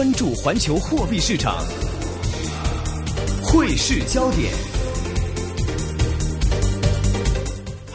關注環球貨幣市場，匯市焦點。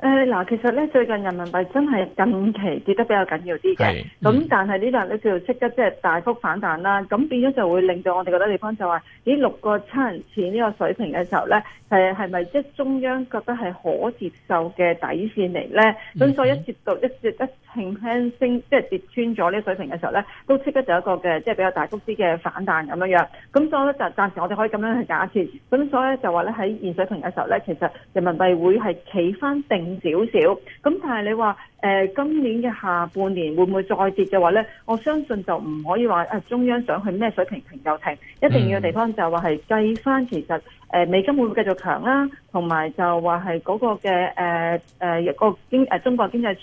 誒嗱，其實咧最近人民幣真係近期跌得比較緊要啲嘅，咁、嗯、但係呢度咧就即刻即係大幅反彈啦，咁變咗就會令到我哋覺得地方就話，咦，六個七人錢，呢個水平嘅時候咧，係係咪即係中央覺得係可接受嘅底線嚟咧？咁、嗯、所以一接到一接一。平平升，即、就、係、是、跌穿咗呢水平嘅時候咧，都即刻就一個嘅即係比較大幅啲嘅反彈咁樣樣。咁所以咧就暫時我哋可以咁樣去假設。咁所以咧就話咧喺現水平嘅時候咧，其實人民幣會係企翻定少少。咁但係你話誒、呃、今年嘅下半年會唔會再跌嘅話咧，我相信就唔可以話誒中央想去咩水平停就停。一定要嘅地方就係話係計翻其實。誒美金會唔會繼續強啦、啊？同埋就話係嗰個嘅誒誒中國經濟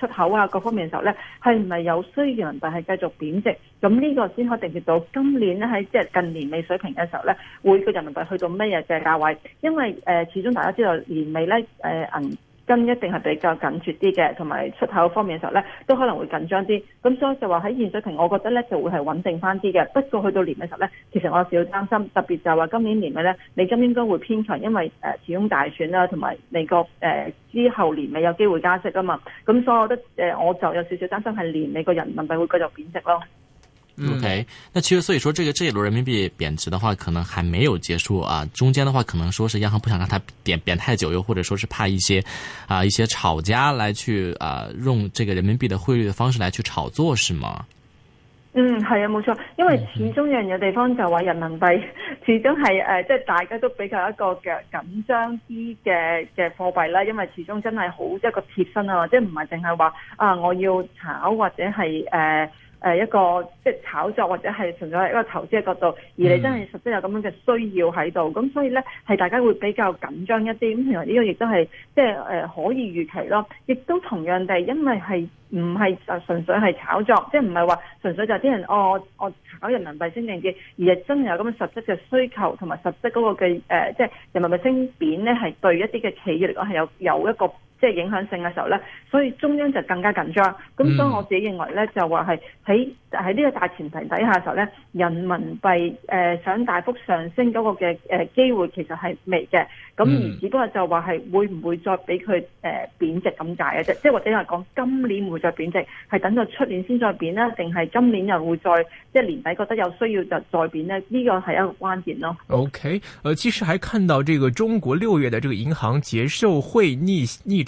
出口啊各方面嘅時候咧，係唔係有需要人民幣係繼續貶值？咁呢個先可以定奪到今年咧喺即係近年尾水平嘅時候咧，會個人民幣去到咩嘢價位？因為誒、啊，始終大家知道，年尾咧誒、啊銀金一定係比較緊缺啲嘅，同埋出口方面嘅時候咧，都可能會緊張啲。咁所以就話喺現水平，我覺得咧就會係穩定翻啲嘅。不過去到年尾時咧，其實我有少少擔心，特別就話今年年尾咧，美金應該會偏強，因為始終大選啦、啊，同埋美國誒、呃、之後年尾有機會加息啊嘛。咁所以，我覺得我就有少少擔心係年尾個人民幣會繼續貶值咯。O、okay. K，、嗯、那其實所以說、這個，這個這一輪人民幣貶值的話，可能還沒有結束啊。中間的話，可能說是央行不想讓它貶貶太久又，又或者說是怕一些，啊，一些炒家來去啊，用這個人民幣的匯率的方式來去炒作，是嗎？嗯，係啊，冇錯。因為始終有樣嘅地方就話，人民幣、嗯、始終係誒，即、呃、係大家都比較一個嘅緊張啲嘅嘅貨幣啦。因為始終真係好一、一個貼身啊，即係唔係淨係話啊，我要炒或者係誒。呃誒、呃、一個即係炒作，或者係純粹係一個投資嘅角度，而你真係實質有咁樣嘅需要喺度，咁所以咧係大家會比較緊張一啲。咁其實呢個亦都係即係誒、呃、可以預期咯。亦都同樣地，因為係唔係就純粹係炒作，即係唔係話純粹就係啲人哦我，我炒人民幣升定跌，而係真係有咁樣嘅實質嘅需求，同埋實質嗰、那個嘅誒、呃，即係人民幣升跌咧，係對一啲嘅企業嚟講係有有一個，即係影響性嘅時候咧，所以中央就更加緊張。咁所以我自己認為咧，就話係喺喺呢個大前提底下嘅時候咧，人民幣誒、呃、想大幅上升嗰個嘅誒機會其實係微嘅。咁而只不過就話係會唔會再俾佢誒貶值咁解嘅啫？即係或者有人講今年會再貶值，係等到出年先再貶呢？定係今年又會再即係年底覺得有需要就再貶呢？呢、這個係一個關鍵咯。OK，誒、呃，其實還看到這個中國六月嘅這個銀行結售匯逆逆。逆逆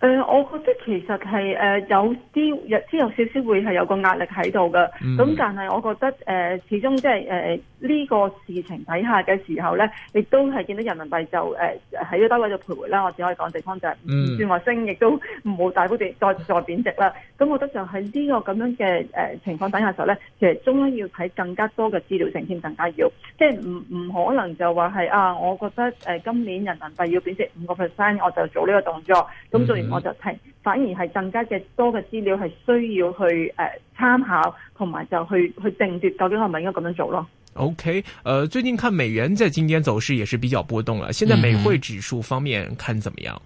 誒、呃，我覺得其實係誒有啲，有啲有少少會係有個壓力喺度嘅。咁、mm -hmm. 但係我覺得誒、呃，始終即係誒呢個事情底下嘅時候咧，亦都係見到人民幣就誒喺呢個低位度徘徊啦。我只可以講地方就係唔算話升，亦、mm -hmm. 都唔好大幅度再再貶值啦。咁我覺得就喺呢個咁樣嘅、呃、情況底下嘅時候咧，其實中央要睇更加多嘅資料性添，更加要即係唔唔可能就話係啊，我覺得誒、呃、今年人民幣要貶值五個 percent，我就做呢個動作。咁做完。我就睇，反而係更加嘅多嘅資料係需要去誒參、呃、考，同埋就去去定奪究竟我係咪應該咁樣做咯。OK，誒，最近看美元在今天走勢也是比較波動啦。現在美匯指數方面看怎麼樣？嗯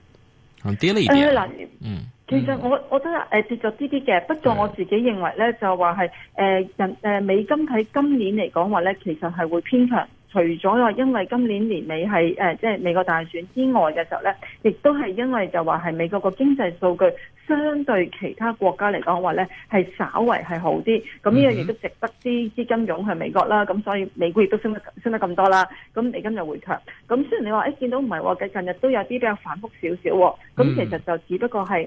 嗯、跌了一點、呃、啦嗯，其實我我覺得誒跌咗啲啲嘅，不過我自己認為咧、嗯、就話係誒人誒美金喺今年嚟講話咧，其實係會偏強。除咗啦，因為今年年尾係誒，即係美國大選之外嘅時候咧，亦都係因為就話係美國個經濟數據相對其他國家嚟講話咧，係稍為係好啲，咁呢樣嘢都值得啲資金湧向美國啦。咁所以美股亦都升得升得咁多啦。咁美金又回強，咁雖然你話一見到唔係，嘅近日都有啲比較反覆少少喎，咁其實就只不過係。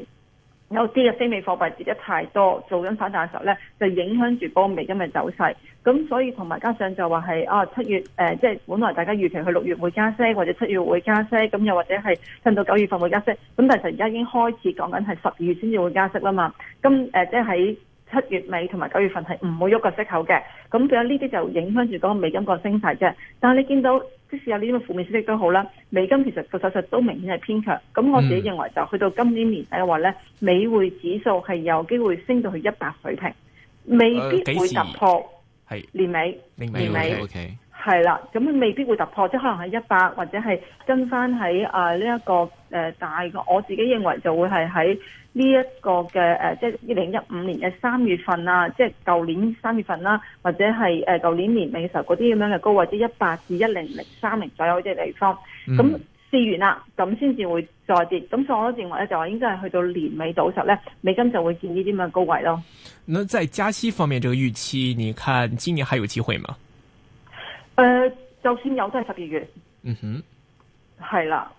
有啲嘅非美貨幣跌得太多，做緊反彈嘅時候咧，就影響住波美金嘅走勢。咁所以同埋加上就話係啊七月誒，即、呃、係、就是、本來大家預期去六月會加息或者七月會加息，咁又或者係等到九月份會加息。咁但係實而家已經開始講緊係十二月先至會加息啦嘛。咁誒即係喺。呃就是七月尾同埋九月份係唔會喐個息口嘅，咁仲有呢啲就影響住嗰個美金個升勢啫。但係你見到即使有呢啲咁嘅負面消息都好啦，美金其實個手勢都明顯係偏強。咁我自己認為就去到今年年底嘅話咧，美匯指數係有機會升到去一百水平，未必會突破。係年尾，年尾。OK。係啦，咁未必會突破，即係可能係一百或者係跟翻喺呢一個誒、呃、大個我自己認為就會係喺呢一個嘅誒、呃，即係二零一五年嘅三月份啊，即係舊年三月份啦，或者係誒舊年年尾時候嗰啲咁樣嘅高位，或者一百至一零零三零左右嘅地方。咁、嗯、試完啦，咁先至會再跌。咁所以我都認為咧，就話應該係去到年尾到時候咧，美金就會見呢啲咁嘅高位咯。那在加息方面，這個預期，你看今年還有機會嗎？誒、呃，就算有都係十二月。嗯哼，係啦，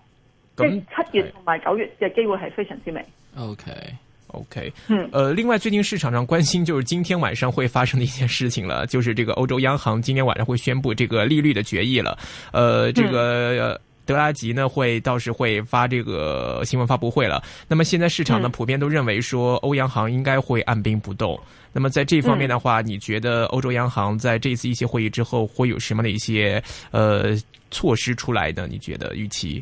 嗯、即七月同埋九月嘅機會係非常之微。O K，O K，嗯，誒、呃，另外最近市場上關心就是今天晚上會發生的一件事情了，就是這個歐洲央行今天晚上會宣布這個利率的決議了。誒、呃，這個。嗯德拉吉呢會到時會發這個新聞發佈會了。那麼現在市場呢、嗯、普遍都認為說，歐央行應該會按兵不動。那麼在這方面的話，嗯、你覺得歐洲央行在這一次一些會議之後會有什麼的一些呃措施出來呢？你覺得預期？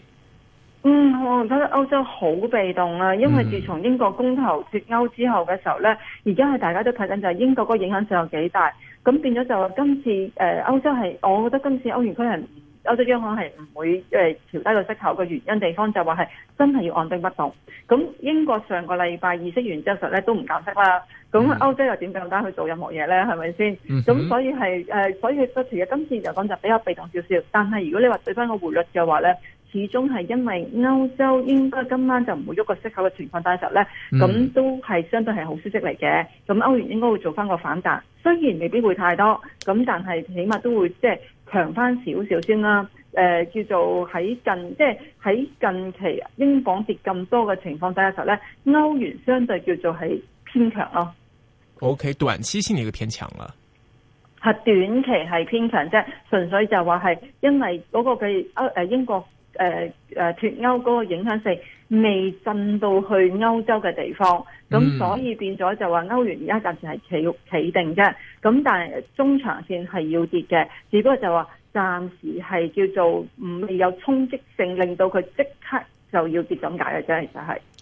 嗯，我覺得歐洲好被動啊，因為自從英國公投脱歐之後嘅時候呢，而家係大家都睇緊就係英國嗰個影響性有幾大，咁變咗就今次呃歐洲係，我覺得今次歐元區係。歐洲央行係唔會誒調低個息口嘅，原因地方就話係真係要按兵不動。咁英國上個禮拜議息完之後咧，都唔減息啦。咁歐洲又點更加去做任何嘢咧？係咪先？咁、嗯嗯、所以係、呃、所以其實今次就講就比較被動少少。但係如果你話對翻個匯率嘅話咧，始終係因為歐洲應該今晚就唔會喐個息口嘅情況底下咧，咁、嗯、都係相對係好消息嚟嘅。咁歐元應該會做翻個反彈，雖然未必會太多，咁但係起碼都會即、就是強翻少少先啦，誒、呃，叫做喺近即係喺近期英鎊跌咁多嘅情況底下時候，實咧歐元相對叫做係偏強咯。OK，短期性嘅一個偏強啦，係短期係偏強啫，純粹就話係因為嗰個嘅歐誒英國誒誒脫歐嗰個影響性。未進到去歐洲嘅地方，咁所以變咗就話歐元而家暫時係企企定啫。咁但係中長線係要跌嘅，只不過就話暫時係叫做唔係有衝擊性，令到佢即刻就要跌咁解嘅啫，其實係。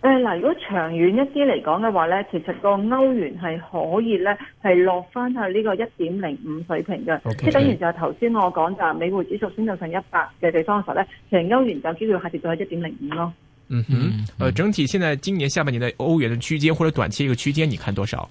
誒，嗱，如果長遠一啲嚟講嘅話咧，其實個歐元係可以咧，係落翻去呢個一點零五水平嘅，即，okay. 等於就頭先我講就美匯指數升到成一百嘅地方嘅時候咧，成歐元就主要下跌到去一點零五咯。嗯哼，誒、呃，整體現在今年下半年嘅歐元嘅區間或者短期一個區間，你看多少？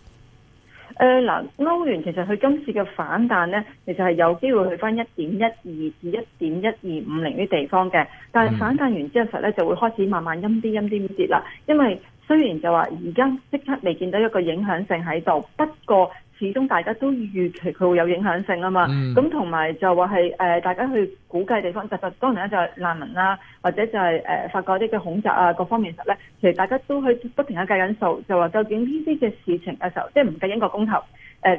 誒、嗯，嗱，歐元其實佢今次嘅反彈咧，其實係有機會去翻一點一二至一點一二五零啲地方嘅，但係反彈完之後咧，就會開始慢慢陰啲陰啲跌啦。因為雖然就話而家即刻未見到一個影響性喺度，不過，始終大家都預期佢會有影響性啊嘛，咁同埋就話係、呃、大家去估計地方，特別當然咧就係難民啦、啊，或者就係發覺一啲嘅恐襲啊各方面時咧，其實大家都去不停去計緊數，就話究竟呢啲嘅事情嘅時候，即係唔計英國公投，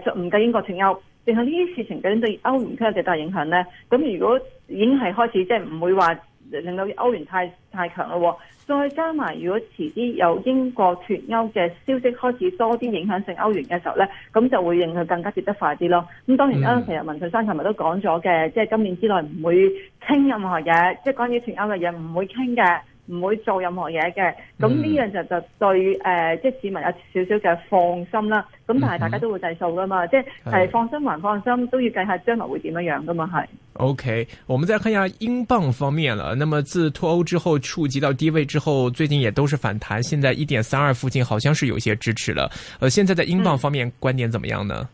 就唔計英國脱歐，定係呢啲事情究竟對歐元區有幾大影響咧？咁如果已經係開始即係唔會話令到歐元太太強咯喎。再加埋，如果遲啲有英國脱歐嘅消息開始多啲影響性歐元嘅時候咧，咁就會令佢更加跌得快啲咯。咁當然啦、嗯，其實文翠珊琴日都講咗嘅，即係今年之內唔會傾任何嘢，即係關於脱歐嘅嘢唔會傾嘅。唔會做任何嘢嘅，咁呢樣就就對誒，即係市民有少少嘅放心啦。咁、嗯、但係大家都會計數噶嘛，即係放心還放心、哎、都要計下將來會點樣樣噶嘛，係。OK，我們再看一下英鎊方面啦。那麼自脱歐之後觸及到低位之後，最近也都是反彈，現在一點三二附近好像是有些支持了。呃，現在在英鎊方面觀點怎麼樣呢？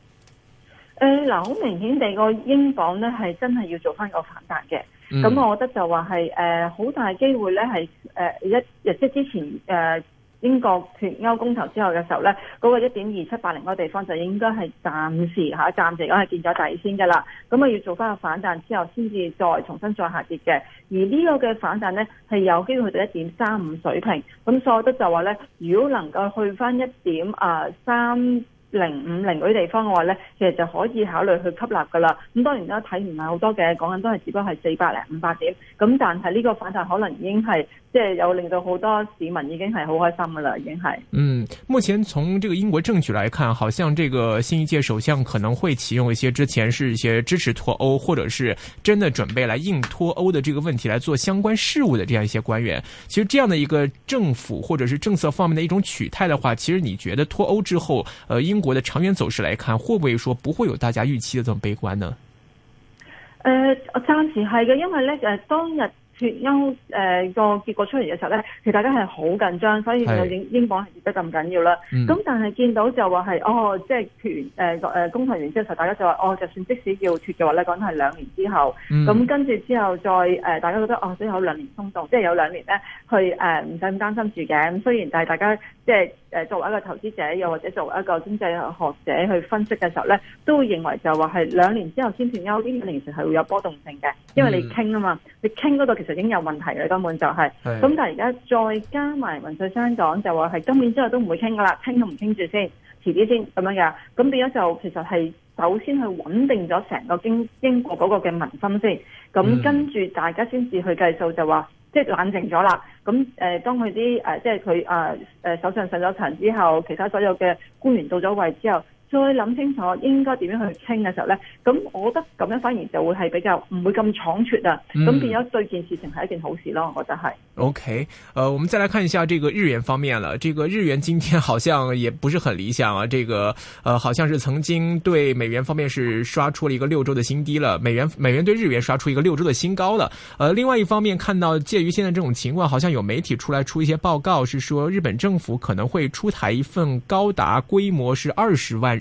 誒、嗯、嗱、呃，好明顯地，個英鎊呢係真係要做翻個反彈嘅。咁、嗯、我覺得就話係誒好大機會咧，係、呃、誒一日即、就是、之前誒、呃、英國脱歐公投之後嘅時候咧，嗰、那個一點二七八零嘅地方就應該係暫時嚇、啊、暫時講係見咗底先㗎啦。咁啊要做翻個反彈之後，先至再重新再下跌嘅。而呢個嘅反彈咧係有機會去到一點三五水平。咁所以我覺得就話咧，如果能夠去翻一點啊三零五零嗰啲地方嘅話咧，其實就可以考慮去吸納噶啦。咁當然啦，睇唔係好多嘅，講緊都係只不過係四百零五百點咁，但係呢個反彈可能已經係即係有令到好多市民已經係好開心噶啦，已經係嗯，目前從這個英國政局來看，好像這個新一屆首相可能會啟用一些之前是一些支持脫歐，或者是真的準備來硬脫歐的這個問題來做相關事務的這樣一些官員。其實這樣的一個政府或者是政策方面的一種取態的話，其實你覺得脫歐之後呃英國我的長遠走勢來看，會不會說不會有大家預期的這麼悲觀呢？呃，我暫時係嘅，因為咧，誒、就是，當日。脱歐誒個結果出嚟嘅時候咧，其實大家係好緊張，所以個英英鎊係跌得咁緊要啦。咁、嗯、但係見到就話係哦，即係脱完誒誒、呃呃、公投完之後，大家就話哦，就算即使要脱嘅話咧，講緊係兩年之後。咁、嗯、跟住之後再誒、呃，大家覺得哦，即係有兩年衝動，即係有兩年咧去誒唔使咁擔心住嘅。咁雖然但係大家即係誒、呃、作為一個投資者，又或者作為一個經濟學者去分析嘅時候咧，都會認為就話係兩年之後先脱歐，呢段時間係會有波動性嘅，因為你傾啊嘛，你傾嗰度其實其實已經有問題嘅，根本就係、是。咁但係而家再加埋文翠珊講，就話係今年之後都唔會傾㗎喇，傾都唔傾住先，遲啲先咁樣嘅。咁變咗就其實係首先去穩定咗成個英英國嗰個嘅民心先。咁、嗯、跟住大家先至去計數，就話即係冷靜咗啦。咁誒、呃，當佢啲誒即係佢誒誒首相上咗場之後，其他所有嘅官員到咗位之後。再諗清楚應該點樣去清嘅時候呢？咁我覺得咁樣反而就會係比較唔會咁倉促啊，咁變咗對件事情係一件好事咯，我覺得係、嗯。OK，呃，我們再來看一下這個日元方面了。這個日元今天好像也不是很理想啊。這個，呃，好像是曾經對美元方面是刷出了一個六周的新低了。美元美元對日元刷出一個六周的新高了。呃，另外一方面看到鑑於現在這種情況，好像有媒體出來出一些報告，是說日本政府可能會出台一份高達規模是二十萬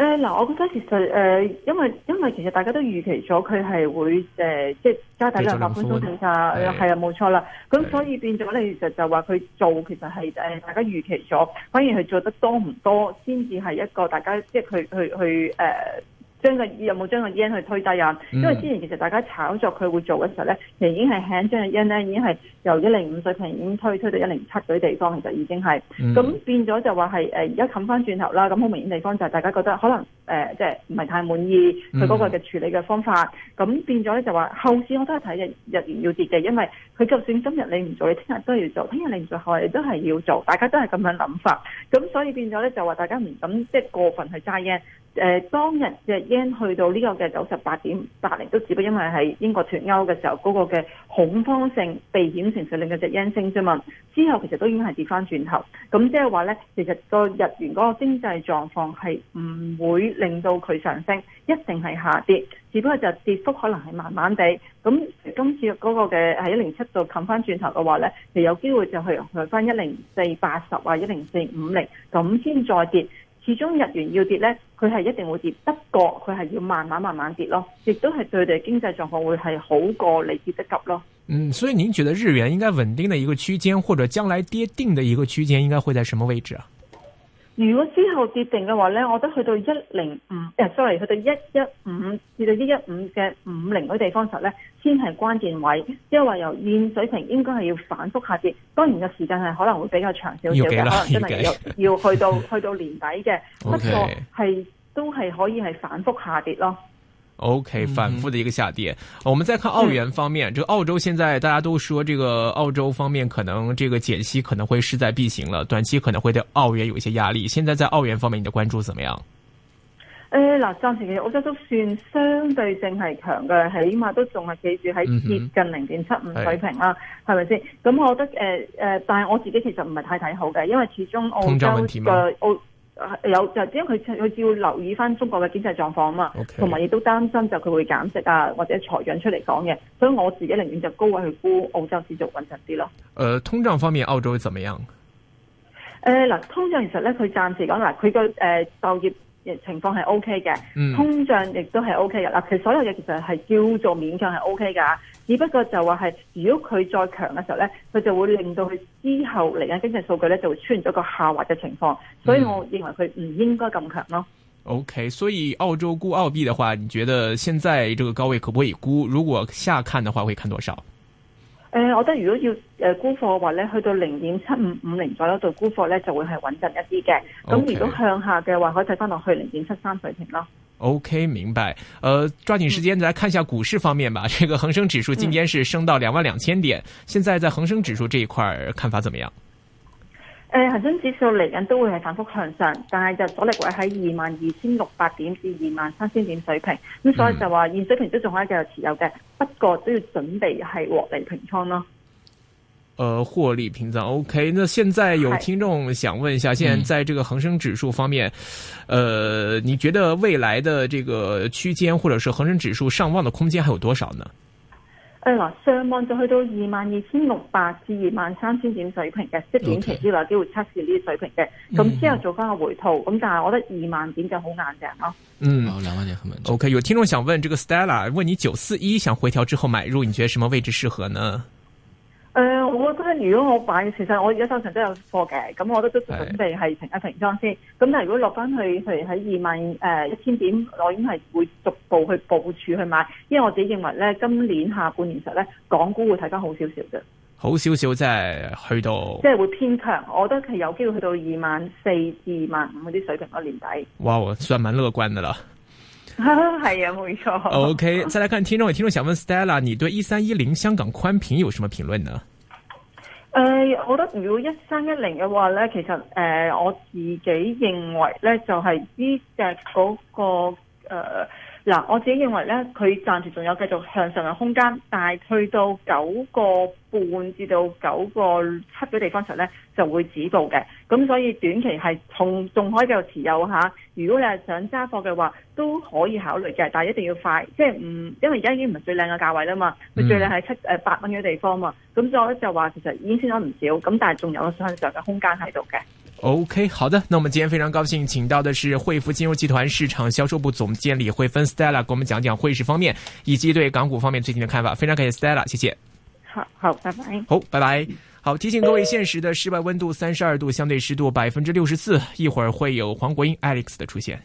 誒、呃、嗱，我覺得其實誒、呃，因為因為其實大家都預期咗佢係會誒、呃，即係加大家發款數政策，係啊，冇、呃、錯啦。咁所以變咗咧，其實就話佢做其實係誒、呃，大家預期咗，反而佢做得多唔多先至係一個大家即係佢佢去誒。佢佢呃將個有冇將個 yen 去推低啊？因為之前其實大家炒作佢會做嘅時候咧，其實已經係向將個 yen 咧已經係由一零五水平已經推推到一零七幾地方，其實已經係咁、嗯、變咗就話係誒而家冚翻轉頭啦。咁好明顯地方就係大家覺得可能誒、呃、即係唔係太滿意佢嗰個嘅處理嘅方法，咁、嗯、變咗咧就話後市我都係睇日日元要跌嘅，因為佢就算今日你唔做，你聽日都要做；聽日你唔做，後日都係要做。大家都係咁樣諗法，咁所以變咗咧就話大家唔敢即係過分去揸 yen。誒當日隻 yen 去到呢個嘅九十八點八零，都只不過因為係英國脱歐嘅時候嗰、那個嘅恐慌性避險情緒令到隻 yen 升啫嘛。之後其實都已經係跌翻轉頭，咁即係話咧，其實個日元嗰個經濟狀況係唔會令到佢上升，一定係下跌，只不過就跌幅可能係慢慢地。咁今次嗰個嘅係一零七度冚翻轉頭嘅話咧，就有機會就去去翻一零四八十啊，一零四五零咁先再跌。始終日元要跌咧，佢係一定會跌，不過佢係要慢慢慢慢跌咯，亦都係對佢哋經濟狀況會係好過你跌得急咯。嗯，所以您覺得日元應該穩定的一個區間，或者將來跌定的一個區間，應該會在什麼位置啊？如果之後跌定嘅話咧，我覺得去到一零五，誒，sorry，去到一一五，至到一一五嘅五零嗰地方時候咧，先係關鍵位，因為由現水平應該係要反覆下跌，當然嘅時間係可能會比較長少少，嘅，可能真係要要，要，要去到去到年底嘅，不過係都係可以係反覆下跌咯。O、okay, K，反覆的一個下跌、嗯。我們再看澳元方面，這、嗯、個澳洲現在大家都說，這個澳洲方面可能這個減息可能會勢在必行了，短期可能會對澳元有一些壓力。現在在澳元方面，你的關注怎麼樣？呃嗱，暫時其實澳洲都算相對性係強嘅，起碼都仲係企住喺接近零點七五水平啦，係咪先？咁我覺得呃,呃但係我自己其實唔係太睇好嘅，因為始終澳洲嘅有就因為佢佢要留意翻中國嘅經濟狀況啊嘛，同埋亦都擔心就佢會減息啊或者財政出嚟講嘅，所以我自己寧願就高位去沽澳洲市數穩陣啲咯。誒、呃，通脹方面澳洲會怎麼樣？誒、呃、嗱，通脹其實咧，佢暫時講嗱，佢嘅誒就業。情況係 O K 嘅，通脹亦都係 O K 嘅。嗱、嗯，其實所有嘢，其實係叫做勉強係 O K 噶，只不過就話係如果佢再強嘅時候呢，佢就會令到佢之後嚟緊經濟數據呢，就會出現咗個下滑嘅情況。所以我認為佢唔應該咁強咯。嗯、OK，所以澳洲沽澳幣嘅話，你覺得現在這個高位可不可以沽？如果下看嘅話，會看多少？誒、呃，我覺得如果要誒沽貨嘅話咧，去到零點七五五零左右度沽貨咧，就會係穩陣一啲嘅。咁如果向下嘅話，可以睇返落去零點七三水平咯。OK，明白。呃，抓緊時間、嗯、來看一下股市方面吧。這個恒生指數今天是升到兩萬兩千點、嗯，現在在恒生指數這一塊看法怎麼樣？誒、呃，恒生指數嚟緊都會係反覆向上，但係就阻力位喺二萬二千六百點至二萬三千點水平，咁所以就話現水平都仲可以繼續持有嘅，嗯，不過都要準備係獲利平倉咯。誒、呃，獲利平倉，OK。那現在有聽眾想問一下，現在在這個恒生指數方面，誒、呃，你覺得未來的這個區間，或者是恒生指數上望的空間還有多少呢？誒、哎、嗱，上望就去到二萬二千六百至二萬三千點水平嘅，okay. 即短期之內有機會測試呢啲水平嘅，咁、嗯、之後做翻個回吐，咁、嗯、但係我覺得二萬點就好硬淨咯。嗯，兩萬點很穩。OK，有聽眾想問，這個 Stella，問你九四一想回調之後買入，你覺得什麼位置適合呢？我覺得如果我買，其實我而家收場都有貨嘅，咁我都都準備係平一平倉先。咁但係如果落翻去譬如喺二萬誒一千點，我已經係會逐步去部署去買，因為我自己認為咧，今年下半年其實咧，港股會睇翻好少少啫。好少少即係去到，即係會偏強。我覺得係有機會去到二萬四至二萬五嗰啲水平嗰年底。哇，算係蠻樂觀噶啦。係 啊，冇錯。OK，再嚟看聽眾，有 聽眾想問 Stella，你對一三一零香港寬頻有什麼評論呢？誒、呃，我覺得如果一三一零嘅話咧，其實誒、呃，我自己認為咧，就係呢隻嗰個誒，嗱、呃，我自己認為咧，佢暫時仲有繼續向上嘅空間，但係去到九個。半至到九個七嘅地方上咧就會止步嘅，咁所以短期係仲仲可以繼續持有嚇。如果你係想揸貨嘅話，都可以考慮嘅，但係一定要快，即係唔，因為而家已經唔係最靚嘅價位啦嘛。佢最靚係七誒、呃、八蚊嘅地方嘛。咁所以就話其實已經升咗唔少，咁但係仲有向上嘅空間喺度嘅。O、okay, K，好的，那我們今天非常高興請到的是匯福金融集團市場銷售部總經理李慧芬 Stella，跟我們講講匯市方面以及對港股方面最近嘅看法。非常感謝 Stella，謝謝。好好，拜拜。好，拜拜。Oh, bye bye. 好，提醒各位，現時的室外溫度三十二度，相對濕度百分之六十四。一會兒會有黃國英 Alex 的出現。